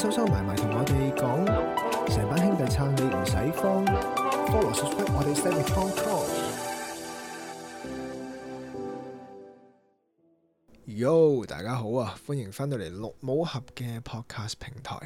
收收埋埋同我哋講，成班兄弟撐你唔使慌。菠蘿雪碧我哋 s e n d y c o n p Yo，大家好啊，歡迎翻到嚟綠帽合嘅 podcast 平台。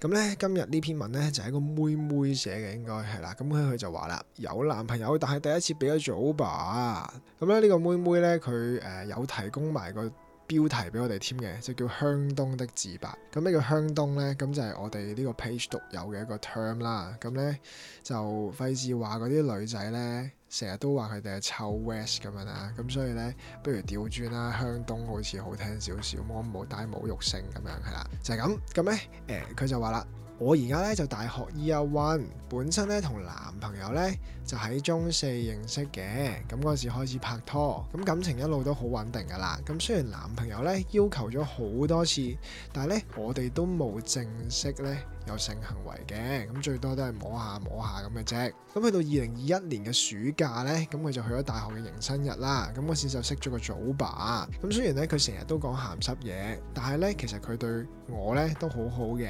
咁咧，今日呢篇文咧就係一個妹妹寫嘅，應該係啦。咁佢佢就話啦，有男朋友，但係第一次俾咗組爸。咁咧呢、這個妹妹咧，佢誒、呃、有提供埋個。標題俾我哋添嘅，就叫《香東的自白》。咁咩叫香東呢？咁就係我哋呢個 page 獨有嘅一個 term 啦。咁呢，就費事話嗰啲女仔呢，成日都話佢哋係臭 west 咁樣啦、啊。咁所以呢，不如調轉啦，香東好似好聽少少，我冇帶侮辱性咁樣係啦。就係、是、咁。咁呢，誒、呃，佢就話啦。我而家咧就大學 year one，本身咧同男朋友咧就喺中四認識嘅，咁嗰陣時開始拍拖，咁感情一路都好穩定㗎喇。咁雖然男朋友咧要求咗好多次，但係咧我哋都冇正式咧，有性行為嘅。咁最多都係摸下摸下咁嘅啫。咁去到二零二一年嘅暑假呢，咁佢就去咗大學嘅迎新日啦。咁嗰時就識咗個組爸。咁雖然呢，佢成日都講鹹濕嘢，但係呢，其實佢對我呢都好好嘅。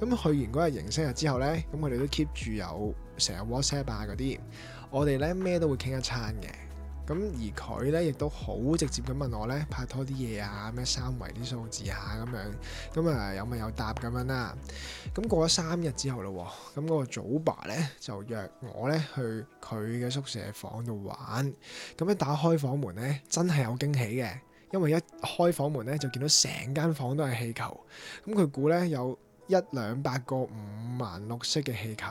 咁去完嗰日迎新日之後呢，咁我哋都 keep 住有成日 WhatsApp 啊嗰啲。我哋呢咩都會傾一餐嘅。咁而佢咧亦都好直接咁問我咧拍拖啲嘢啊，咩三圍啲數字啊咁樣，咁啊有問有答咁樣啦。咁、嗯、過咗三日之後咯，咁、嗯、嗰、那個祖爸咧就約我咧去佢嘅宿舍房度玩。咁、嗯、一打開房門咧，真係有驚喜嘅，因為一開房門咧就見到成間房都係氣球。咁、嗯、佢估咧有一兩百個五顏六色嘅氣球。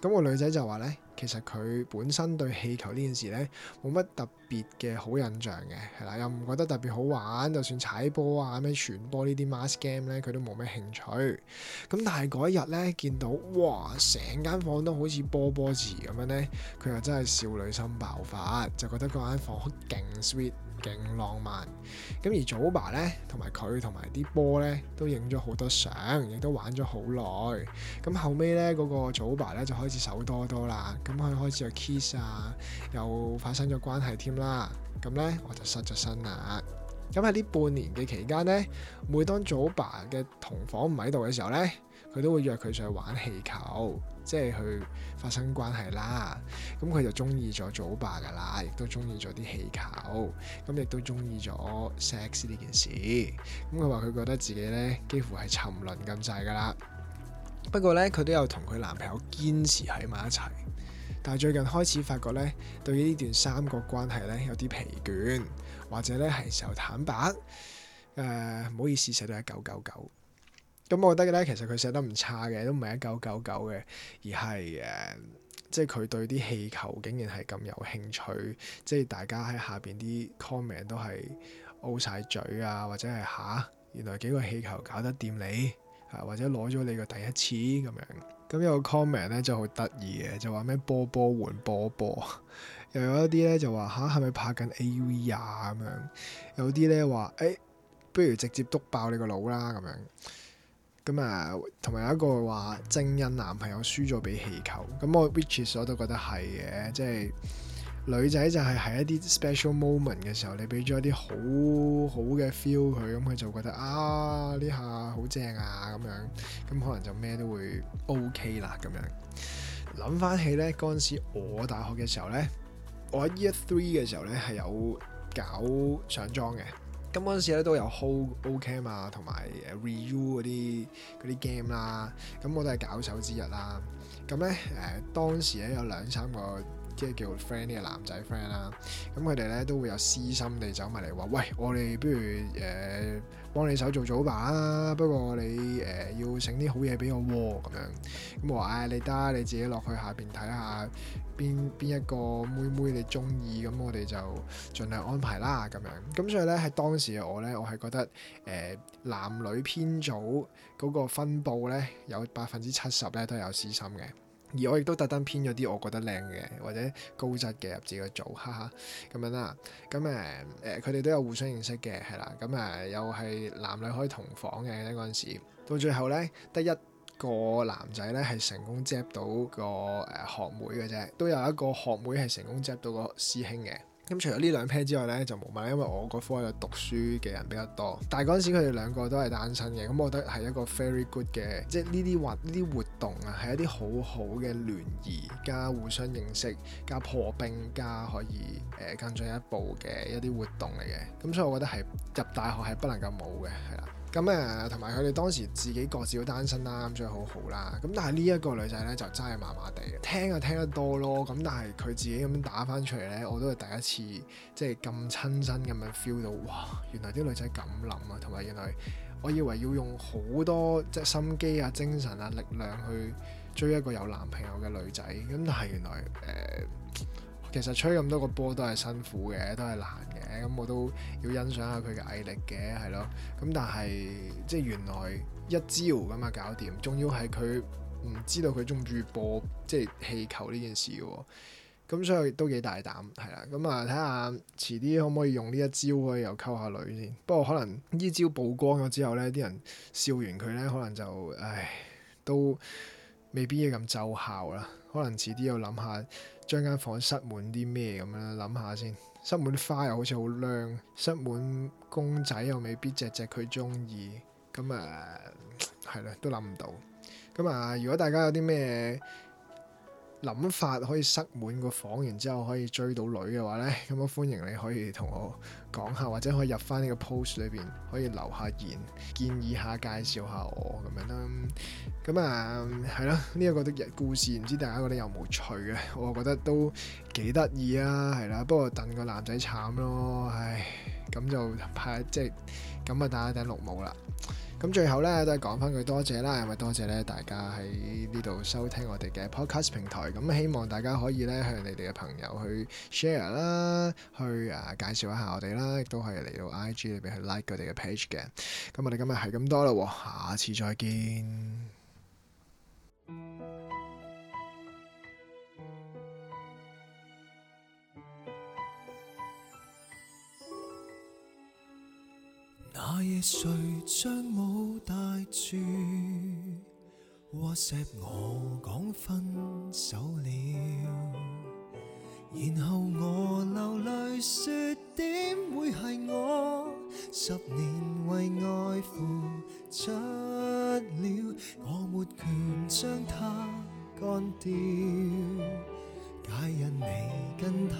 咁、嗯、那個女仔就話咧。其實佢本身對氣球呢件事呢，冇乜特別嘅好印象嘅，係啦，又唔覺得特別好玩。就算踩波啊、咩傳波呢啲 mass game 呢，佢都冇咩興趣。咁但係嗰一日呢，見到哇，成間房都好似波波池咁樣呢，佢又真係少女心爆發，就覺得嗰間房好勁 sweet。勁浪漫，咁而組爸呢，同埋佢，同埋啲波呢，都影咗好多相，亦都玩咗好耐。咁後尾呢，嗰個組爸呢，就開始手多多啦。咁佢開始有 kiss 啊，又發生咗關係添啦。咁呢，我就失咗身啦。咁喺呢半年嘅期間呢，每當組爸嘅同房唔喺度嘅時候呢。佢都會約佢上去玩氣球，即係去發生關係啦。咁佢就中意咗組爸噶啦，亦都中意咗啲氣球，咁亦都中意咗 sex 呢件事。咁佢話佢覺得自己呢幾乎係沉淪咁滯噶啦。 不過呢，佢都有同佢男朋友堅持喺埋一齊，但係最近開始發覺呢，對於呢段三角關係呢，有啲疲倦，或者呢係時候坦白。誒、呃，唔好意思，寫到一九九九。咁我覺得咧，其實佢寫得唔差嘅，都唔係一九九九嘅，而係誒，即係佢對啲氣球竟然係咁有興趣。即係大家喺下邊啲 comment 都係 O 晒嘴啊，或者係吓、啊，原來幾個氣球搞得掂你啊，或者攞咗你個第一次咁樣。咁有個 comment 咧就好得意嘅，就話咩波波換波波，又 有一啲咧就話吓，係、啊、咪拍緊 AV 啊咁樣，有啲咧話誒，不如直接篤爆你個腦啦咁樣。咁啊，同埋有一個話，正印男朋友輸咗俾氣球。咁我 which is 我都覺得係嘅，即係女仔就係喺一啲 special moment 嘅時候，你俾咗一啲好好嘅 feel 佢，咁佢就覺得啊，呢下好正啊咁樣。咁可能就咩都會 OK 啦咁樣。諗翻起呢，嗰陣時我大學嘅時候呢，我喺 year three 嘅時候呢，係有搞上莊嘅。咁嗰陣時咧都有 hold Ocam 啊，同埋誒 Review 嗰啲嗰啲 game 啦，咁、啊、我都係搞手之一啦、啊。咁咧誒當時咧有兩三個。即係叫 friend 呢個男仔 friend 啦，咁佢哋咧都會有私心地走埋嚟話：喂，我哋不如誒、呃、幫你手做組爸啦，不過你誒、呃、要整啲好嘢俾我喎、哦、咁樣。咁我話：唉、哎，你得你自己落去下邊睇下邊邊一個妹妹你中意，咁我哋就盡量安排啦咁樣。咁所以咧喺當時嘅我咧，我係覺得誒、呃、男女編組嗰個分佈咧有百分之七十咧都有私心嘅。而我亦都特登編咗啲我覺得靚嘅或者高質嘅入自己組，哈哈咁樣啦。咁誒誒，佢、呃、哋、呃呃、都有互相認識嘅，係啦。咁、嗯、誒、呃、又係男女可以同房嘅嗰陣時，到最後咧，得一個男仔咧係成功接觸到個誒學妹嘅啫，都有一個學妹係成功接觸到個師兄嘅。咁、嗯、除咗呢兩 pair 之外咧，就冇乜，因為我個科喺度讀書嘅人比較多。但係嗰陣時佢哋兩個都係單身嘅，咁、嗯、我覺得係一個 very good 嘅，即係呢啲活呢啲活動啊，係一啲好好嘅聯誼加互相認識加破冰加可以誒、呃、更進一步嘅一啲活動嚟嘅。咁、嗯、所以我覺得係入大學係不能夠冇嘅，係啦。咁誒，同埋佢哋當時自己各自都單身啦、啊，咁所以好好、啊、啦。咁但係呢一個女仔呢，就真係麻麻地，聽就聽得多咯。咁但係佢自己咁打返出嚟呢，我都係第一次即係咁親身咁樣 feel 到，哇！原來啲女仔咁諗啊，同埋原來我以為要用好多即係、就是、心機啊、精神啊、力量去追一個有男朋友嘅女仔，咁但係原來誒。呃其實吹咁多個波都係辛苦嘅，都係難嘅。咁、嗯、我都要欣賞下佢嘅毅力嘅，係咯。咁但係即係原來一招咁啊搞掂，仲要係佢唔知道佢鍾意播即係氣球呢件事嘅。咁、嗯、所以都幾大膽係啦。咁、嗯、啊睇下遲啲可唔可以用呢一招可以又溝下女先。不過可能呢招曝光咗之後呢，啲人笑完佢呢，可能就唉都未必咁奏效啦。可能遲啲又諗下。將間房塞滿啲咩，咁樣諗下先，塞滿花又好似好娘，塞滿公仔又未必隻隻佢中意，咁啊係啦，都諗唔到。咁啊，如果大家有啲咩諗法可以塞滿個房，然之後可以追到女嘅話呢，咁樣歡迎你可以同我講下，或者可以入翻呢個 post 裏邊可以留下言，建議下、介紹下我咁樣啦。咁、嗯、啊，係、嗯、啦，呢一個的故事唔知大家覺得有冇趣嘅？我覺得都幾得意啊，係啦，不過戥個男仔慘咯，唉。咁就拍即係咁啊，大家頂綠帽啦。咁最後咧都係講翻句多謝啦，咁咪多謝咧？大家喺呢度收聽我哋嘅 podcast 平台，咁希望大家可以咧向你哋嘅朋友去 share 啦，去啊介紹一下我哋啦，亦都係嚟到 IG 入面去 like 佢哋嘅 page 嘅。咁我哋今日係咁多啦，下次再見。那夜誰將帽戴住，WhatsApp 我講分手了，然後我流淚說點會係我十年為愛付出了，我沒權將它幹掉，皆因你跟他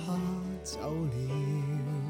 走了。